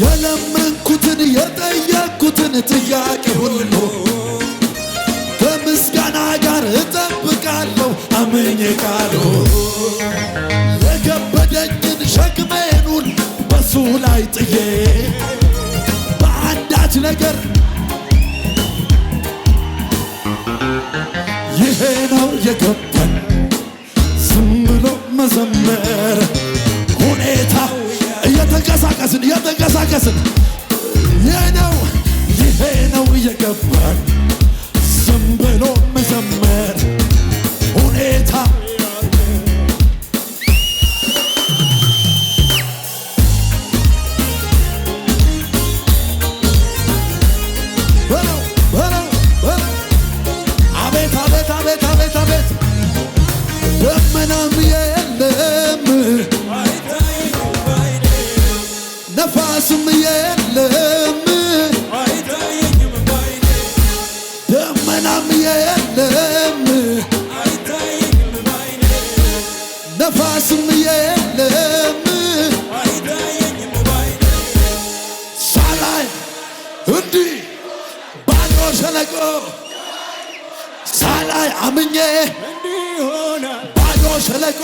የለመንኩትን የጠየቅኩትን ጥያቄ ሁሉ ከምስጋና ጋር እጠብቃለሁ አምኝ ቃሉ የከበደኝን ሸክሜን ሁሉ በሱ ላይ ጥዬ በአንዳች ነገር ይሄ ነው የገባን ዝም ብሎ መዘመር ዳገስን ይሄ ነው ይሄ ነው እየገባን ነፋስም የለም ሳላይ እንዲህ ባዶ ሸለቆ ሳላይ አምኜ ባዶ ሸለቆ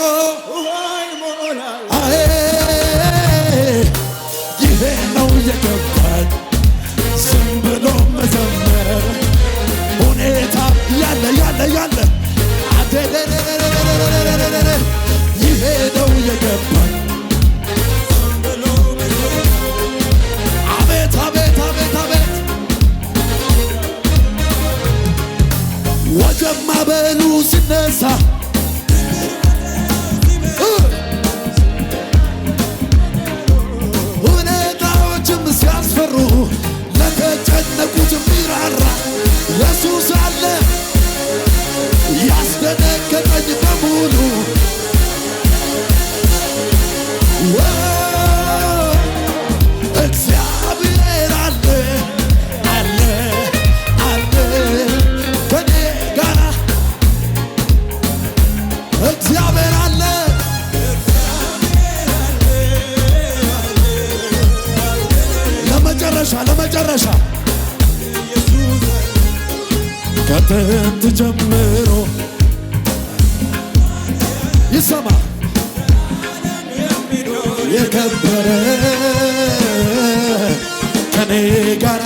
ደማ በሉ ሲነሳ ሁኔታዎችም ሲያስፈሩ ለተጨነቁት ሚራራ ኢየሱስ አለ ያስደነገጠኝ በሙሉ ከጥንት ጀምሮ ይሰማ የከበረ ከኔ ጋራ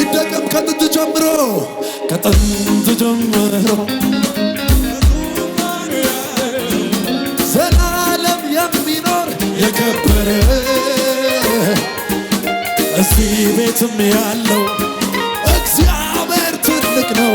ይደገም ከጥንት ጀምሮ ከጥንት ጀምሮ ዘላለም የሚኖር የከበረ እዚህ ቤትም ያለው እግዚአብሔር ትልቅ ነው።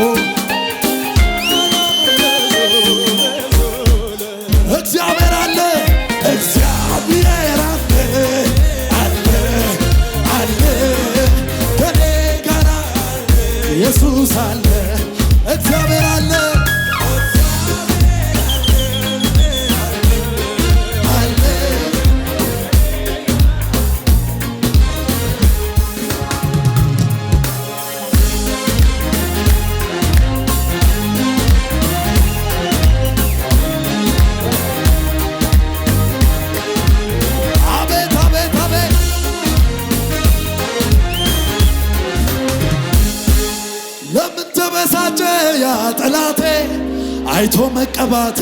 አይቶ መቀባቴ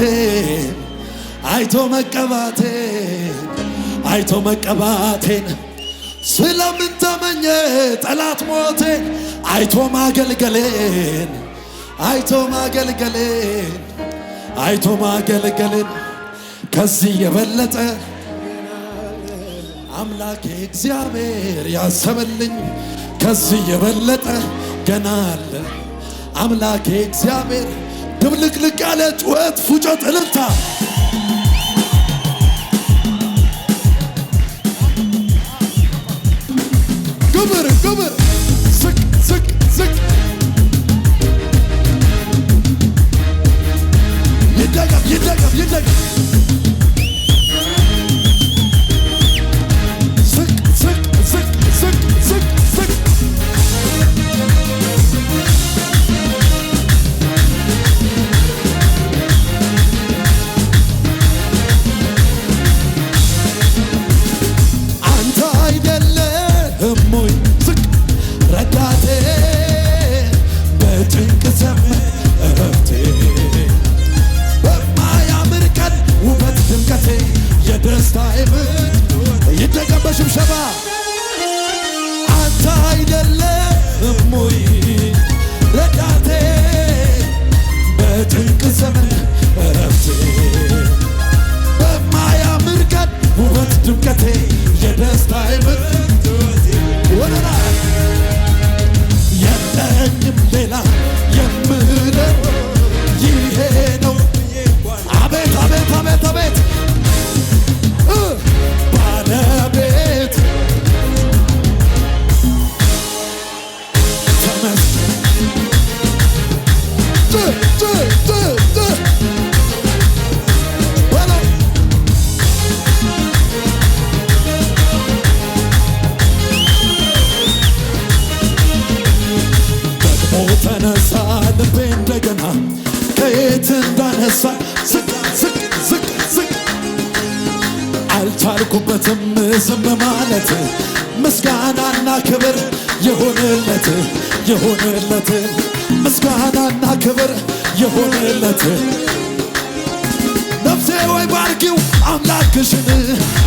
አይቶ መቀባቴ አይቶ መቀባቴን ስለምን ተመኘ ጠላት ሞቴን አይቶ ማገልገሌን አይቶ ማገልገሌን አይቶ ማገልገሌን ከዚህ የበለጠ አምላኬ እግዚአብሔር ያሰበልኝ ከዚህ የበለጠ ገና አለ አምላኬ እግዚአብሔር ድብልቅልቅ ያለ ጩኸት፣ ፉጨት፣ እልልታ ግብር ግብር ዝቅ ዝቅ ዝቅ ይደገም ይደገም ይደገም Deixa eu chamar. ተነሳ ልቤ እንደገና ከየት እንዳነሳ አልቻልኩበትም ዝም ማለት ምስጋናና ክብር የሆነለት የሆነለት ምስጋናና ክብር የሆነለት ነፍሴ ወይ ባርኪው አምላክሽን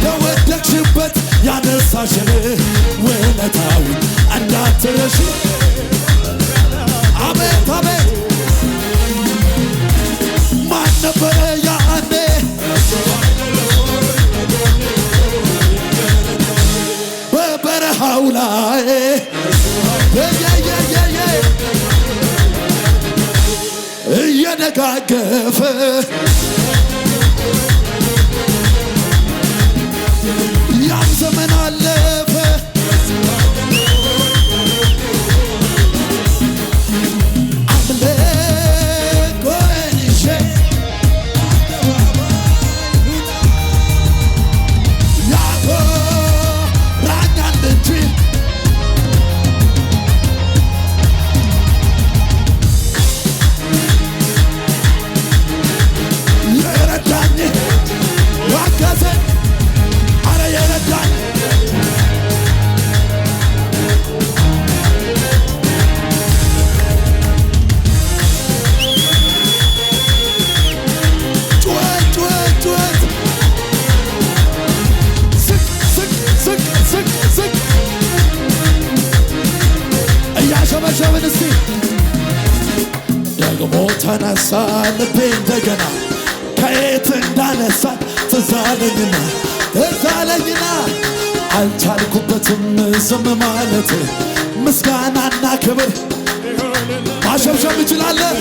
ተወደቅሽበት ያነሳሽን ውለታውን እንዳትረሽ አቤታ ደጋገፈ አልቻልኩበትም ዝም ማለት ምስጋናና ክብር ማሸብሸብ ይችላለን።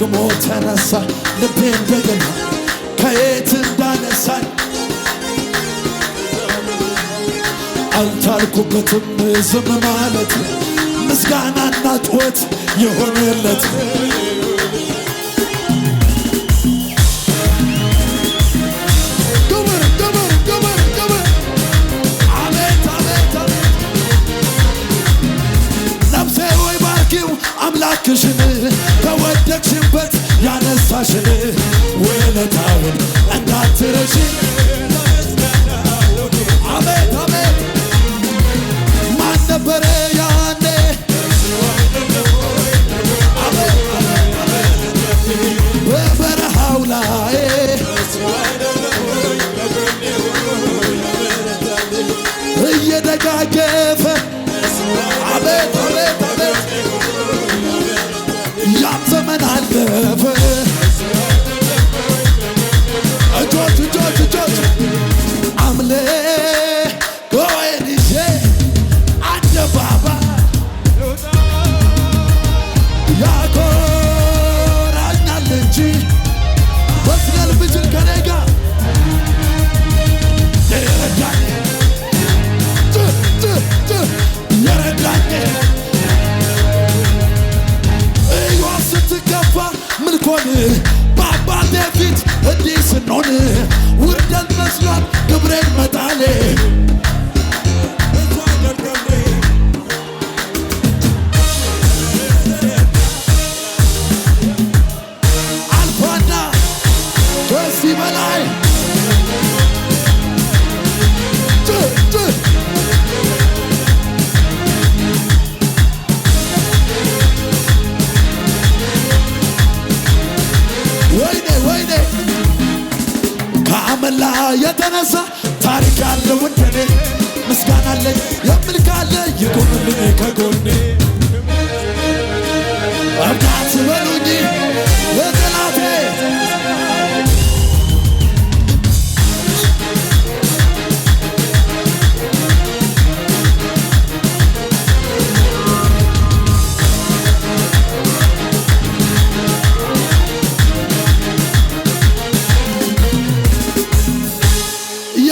ደግሞ ተነሳ ልቤ እንደገና ከየት እንዳነሳኝ አልቻልኩበትም ዝም ማለት ምስጋናና ጩኸት የሆነለት እባክሽን ከወደቅሽበት ያነሳሽን ውለታውን እንዳትረሽ አቤት በአባቴ ፊት እንዲህ ስንሆን ውርደት መስሏት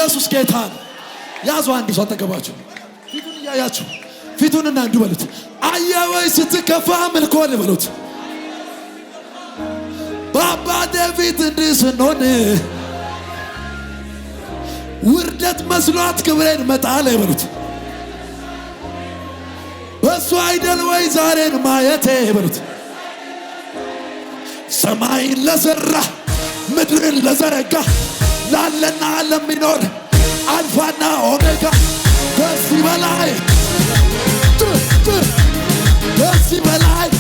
ኢየሱስ ጌታ ነው። ያዙ አንድ ሰው አጠገባችሁ፣ ፊቱን እያያችሁ ፊቱንና እንዲሁ በሉት። አየህ ወይ ስትከፋ ምልኮን በሉት። በአባቴ ፊት እንዲህ ስንሆን ውርደት መስሏት ክብሬን መጣል በሉት። በእሱ አይደል ወይ ዛሬን ማየቴ በሉት። ሰማይን ለዘራ ምድርን ለዘረጋ ላለና ለሚኖር አልፋና ኦሜጋ ከዚህ በላይ ከዚህ በላይ